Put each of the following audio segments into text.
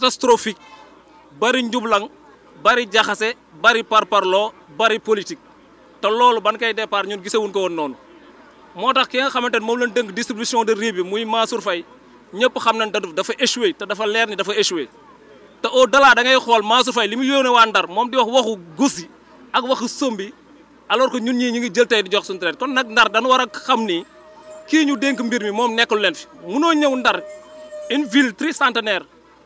catastrophique bari njublang bari jaxase bari parparlo bari politique té loolu ban kay départ ñun gisewuñ ko won non motax ki nga xamantene mom lañ dënk distribution de riz bi muy Mansour Fay ñëpp xam nañ da dafa échouer té dafa leer ni dafa échouer té au delà da ngay xol Mansour Fay limu yone wa Ndar mom di wax waxu gusi ak waxu sombi alors que ñun ñi ñi ngi jël tay di jox sun traite kon nag Ndar dañu wara xam ni ki ñu dénk mbir mi mom nekkul leen fi mëno ñëw Ndar une ville tricentenaire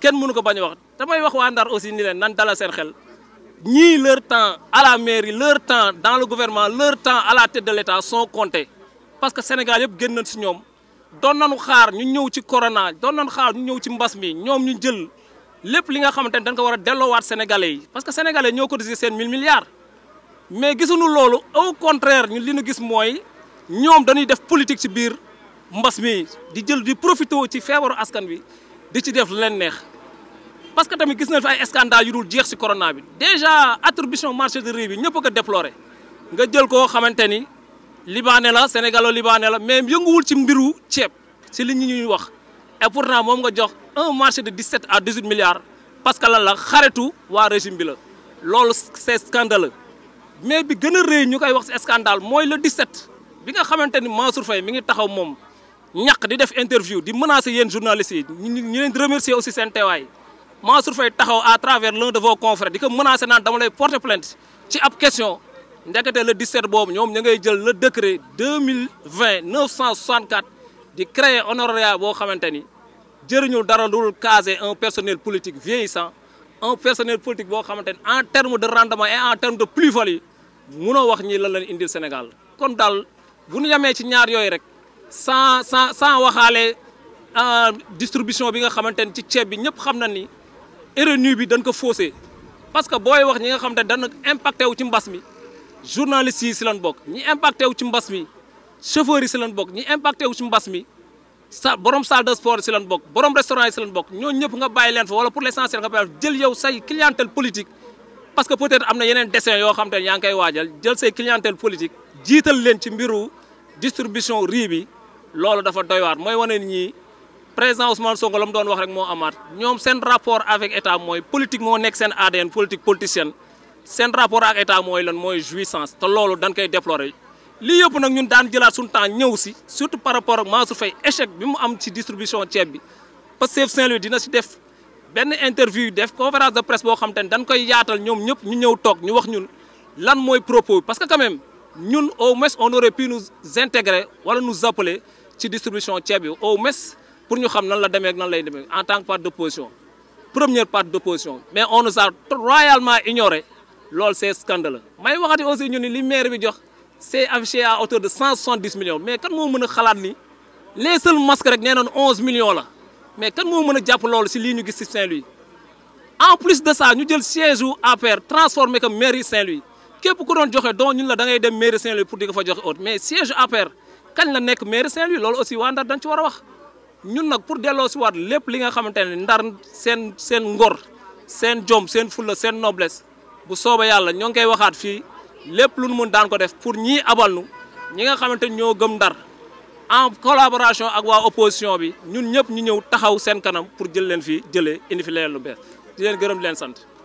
kenn mënu ko bañ a wax damay wax waa Ndar aussi ni leen nan dalal seen xel ñii leur temps à la mairie leur temps dans le gouvernement leur temps à la tête de l'État sont comptés parce que Sénégal yëpp génn na si ñoom doon nañu xaar ñu ñëw ci corona doon nañu xaar ñu ñëw ci mbas mi ñoom ñu jël lépp li nga xamante ne dañ ko war a delloowaat sénégalais parce que sénégalais ñoo cotisé seen 1000 milliards. mais gisuñu loolu au contraire ñu li ñu gis mooy ñoom dañuy def politique ci biir mbas mi di jël di profité ci feebaru askan wi di ci def lu neex parce que tamit gis nañ fi ay scandale yu dul jeex ci corona bi déjà attribution marché de riz bi ñëpp a ko déploré nga jël koo xamante ni libanais la sénégalo libanais la mais yënguwul ci mbiru ceeb ci li ñu ñuy wax et pourtant moom nga jox un marché de 17 à 18 milliards parce que lan la xaretu waa régime bi la loolu c'est scandaleux mais bi gën a rëy ñu koy wax ci scandale mooy le 17 bi nga xamante ni Mansour Faye mi ngi taxaw moom ñàq di def interview di menacer yéen journalistes yi ñu leen remercier aussi sen teewaay Mansour Faye taxaw à travers l'un de vos confrères di ko menacer nan dama lay porter plainte ci ab question ndekete le 17 boobu ñom ñay le décret 2020 964 di créer honoraria bo xamanteni ni jëriñul dara lu caser un personnel politique vieillissant un personnel politique bo en termes de rendement et en termes de plus-value mëno wax ñi lan lañ le Sénégal kon dal bu ñu yamee ci ñaar yoy rek sans sans sans waxaale euh, distribution bi nga xamantene ci ceeb bi ñëpp xam na ni revenu bi dañ ko faussé parce que boy wax ñi nga xam ne dañ impacté wu ci mbass mi journalistes yi si lan bok ñi impacté wu ci mbass mi chauffeurs yi si lan bok ñi impacté wu ci mbass mi sa borom salle de sport ci lan bok borom restaurant yi si lan bok ñoo ñëpp nga bàyyi len fa wala pour l'essentiel nga bàyyi jël yow say clientèle politique parce que peut-être amna yenen yeneen dessin yoo xam te ne koy jël say clientèle politique jital len ci mbiru distribution riz bi lolu dafa doy war moy wone ni président Ousmane Sonko lam doon wax rek mo amat ñom sen rapport avec état moy politique mo nek sen ADN politique politicienne sen rapport ak état moy lan moy jouissance te lolu dañ koy déplorer. li yëpp nak ñun daan jëlaat sun temps ñëw ci surtout par rapport ak Mansour Faye échec bi mu am ci distribution ceeb bi que Saint-Louis dina ci def ben interview def conférence de presse bo xam tane dañ koy yaatal ñom ñëpp ñu ñëw tok ñu wax ñun lan moy propos parce que quand même ñun au moins on aurait pu nous intégrer wala nous appeler ci distribution au au MES pour nous xam nan la demee ak en tant que part d'opposition première part d'opposition mais on nous a royalement ignoré lol c'est scandaleux may waxati aussi ñu ni li maire bi jox c'est affiché à hauteur de 170 millions mais quand moo mën a ça les seuls masques rek 11 millions la mais quand moo mën a jàpp loolu si ligne ñu Saint-Louis en plus de ça ñu jël siège à APR transformé comme mairie Saint-Louis képp ku doon a donc ñun la da ngay mairie Saint-Louis pour di ko fa faire autre mais siège APR kañ la nekk mairie Saint-Louis loolu aussi waa Ndar dañ ci war a wax ñun nag pour delloo si waat lépp li nga xamante ne Ndar seen seen ngor seen jom seen fulla seen noblesse bu sooba yàlla ñoo ngi koy waxaat fii lépp lu nu mun daan ko def pour ñii abal nu ñi nga xamante ñoo gëm Ndar en collaboration ak waa opposition bi ñun ñëpp ñu ñëw taxaw seen kanam pour jël leen fi jëlee indi fi leen lu bees di leen gërëm leen sant